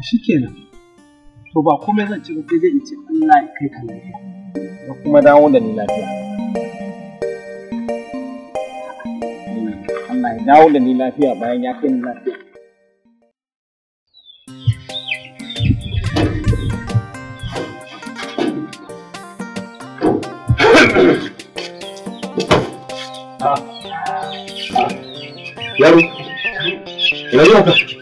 to kenan, to ba komai zan ci ba sai dai in ce Allah ya kai ka lafiya da kuma dawo da ni lafiya Allah ya dawo da ni lafiya bayan ya kai ni lafiya Yaro, ina zuwa ka.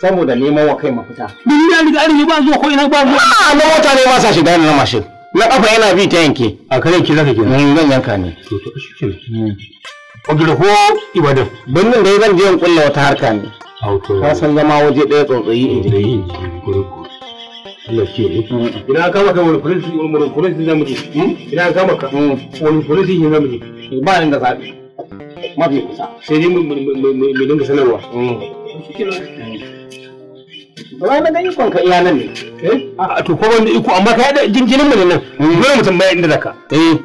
saboda neman wa kai mafita. Duk ya riga arziki ba zuwa ko ina ba zuwa. Ah, na mota ne ba sa shiga na mashin. Na kafa yana bi ta yanke. A kare ki zaka kira. Mun mm, zan yanka ne. To to shi kenan. Ogire ko ibadan. nan dai zan je in kulla wata harka ne. Auto. Ah, ka san zama waje ɗaya tsotsayi in ji. Yi in ji. Allah ke mm, mm. Ina kama ka wani polisi wani polisi zamu je. Ina kama ka wani polisi ne zamu je. Ba inda zaɓi. Mafi kusa. Sai dai mu dinga sanarwa. Shi kenan. Ba na ga ikon ka iya nan ne. Eh? A ah, to ko wanda iko amma ka da jinjinin mu ne nan. Eh. Dole mu tambaya inda zaka. Eh.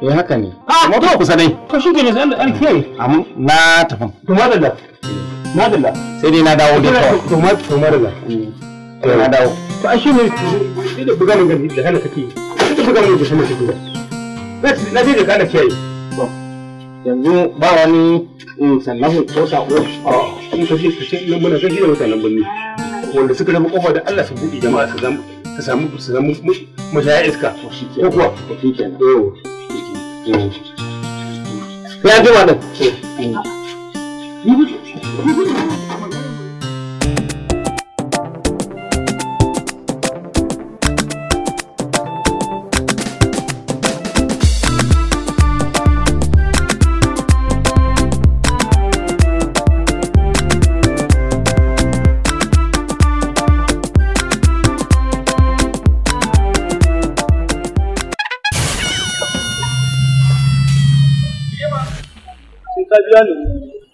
Eh haka ne. Ah, to kusa dai. To shi ne sai an kiyaye. Amma na tafin. To madalla. Madalla. Sai dai na dawo da kawai. To madalla. To madalla. Eh na dawo. To a shi ne sai da buganin gani da hana kake. Sai da buganin da hana kake. Na je da kana kiyaye. yanzu ba wani mm, sannan ko sako a ah, kun kashe kashe nan muna kashe da mutanen birni wanda suka zama kofa da Allah su buɗe jama'a su zama ta samu su zama mashaya iska ko kuwa ya ji ma nan ta biya ni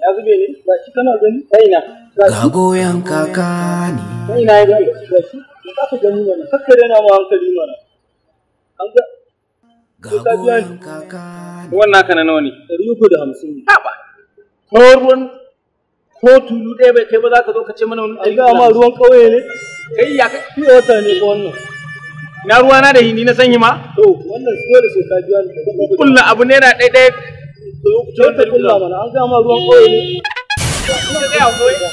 ya zube ne ba shi kana gani ta ina ga goyon kaka ne ta na ya ga shi ba ka gani mana sakka da na ma hankali mana an ga ga goyon kaka ne wannan kana nawa ne ɗari ne ko ruwan ko tulu bai kai ba za ka zo ka ce mana wani ɗari uku ma ruwan ne kai ya kai fiye wata ne wannan na ruwana da hindi na sanyi ma to wannan su da sai ka biya ni kullu abu ne na ta kulla mana an gama ruwan ƙauye ne.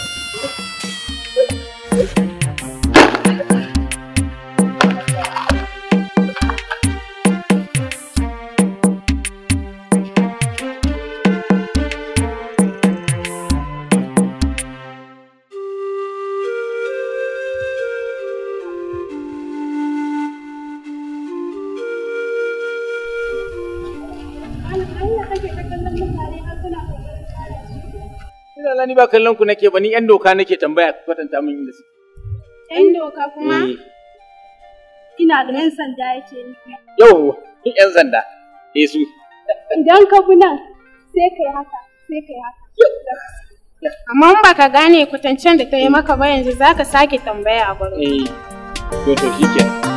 Allah ni ba kallon ku nake ba ni yan doka nake tambaya ku kwatanta min inda suke. Yan doka kuma? Eh. Ina da yan sanda yake nufi. Yau, ni yan sanda. Eh su. Idan ka bi nan sai kai haka, sai kai haka. Amma in baka gane kwatancen da ta yi maka ba yanzu zaka sake tambaya a gurin. Eh. To to shikenan.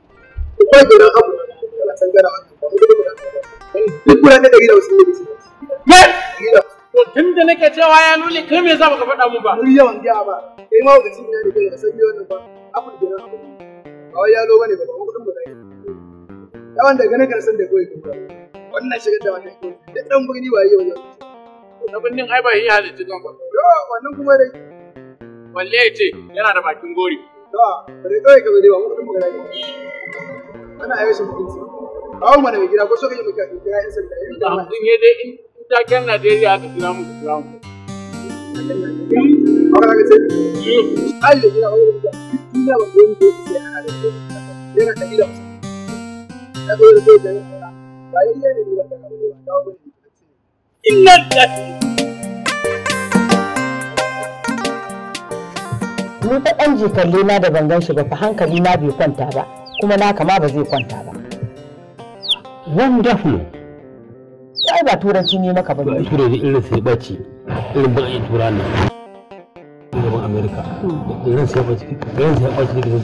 kwagiran abu talatin gara duk guda ta ɗari da wasu ne da to tun da nake cewa ya nuni kai me za ka faɗa mu ba ni yawan giya ba kai ma wakacin ya ne da san yawan ba abu da na abu ba wai yalo bane ba kuma kudin mu yawan daga na karsan da koyi kuma wannan shigar da wannan koyi da dan birni ba yau na birnin ai ba yi halitta kan ba yo wannan kuma dai walle ce yana da bakin gori to bare kai ka bai ba mu kudin mu Ana yi wasu mutunci. Kawo mana mai gida ko so mu Da dai in Najeriya kira mu kira mu. gida da ba da Da ko da da ba yi ne ba ba. Inna lillahi ɗan na da ban gan ba fa hankali na bai kwanta ba kuma naka ma ba zai kwanta ba wonderful ai ba turanci ne maka ba ne turanci irin sai bace irin ba ai tura ne gaban Amerika irin sai bace irin sai bace ne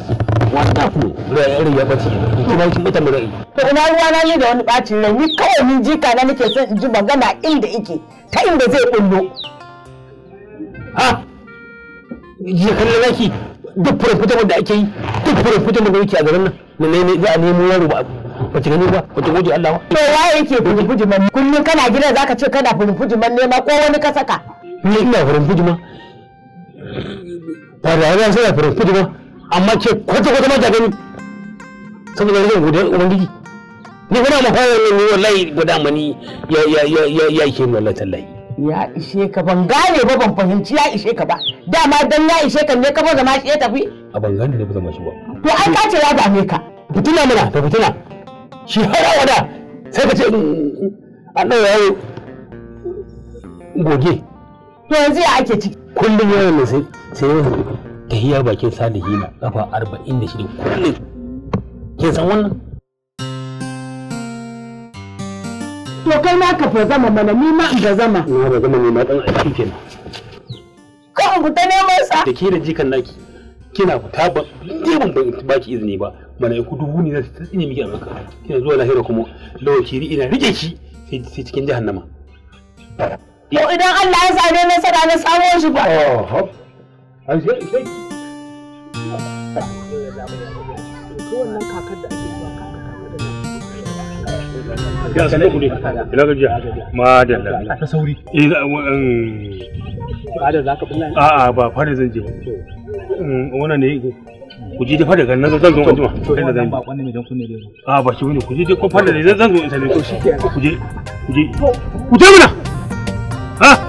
wonderful rai irin ya bace kuma shi mata mu rai to ina ruwa na yi da wani bacin rai ni kawai min jika na nake son in ji magana inda ike ta inda zai kullo ha jiya kallon laki duk fura fitar da ake yi duk fura fitar da yake a garin nan na ne za a nemo yaro ba ba ci gani ba ba ci goje Allah to waye yake man kullun kana gidan zaka ce kana furfujiman ne ma ko wani ka saka ni ina furfujiman ba da yana sai furfujiman amma ce kwata kwata ma ta gani saboda gode godiyar ubangiji ni kuma ma fara ne wallahi godamani ya ya ya ya ya ke wallahi tallahi ya ishe ka ban gane ba ban fahimci ya ishe ka ba dama dan ya ishe ka ne ka ba zama shi ya tafi a ban gane ne ba zama shi ba to an ka ce ya dame ka fitina mana to fitina shi hara wada sai ka ce mm, mm, an ɗaura yayi goge to yanzu ya ake ciki kullum yawan ne sai sai yanzu tahiyar bakin salihina kafa arba'in da shida kullum kin san wannan to kai ma ka fa zama mana ni ma in ba zama na ba zama ne ma dan aiki kenan kan ku ta neman sa da ke da jikan naki kina fita ba ban ban ki izini ba mana ku dubu ne za su tsine miki a maka kina zuwa lahira kuma lawaki ri ina rike ki sai cikin jahannama ko idan Allah ya same na da na samu shi ba oh ai sai sai ko wannan kakar da ake zuwa ya san eh, a um, za ka bulla ba zan je um, wannan ne ku nan zan zo an jima to ina zan ba dan kunne a ba shi ku ko ne zan zo in ku je ku je ku je ha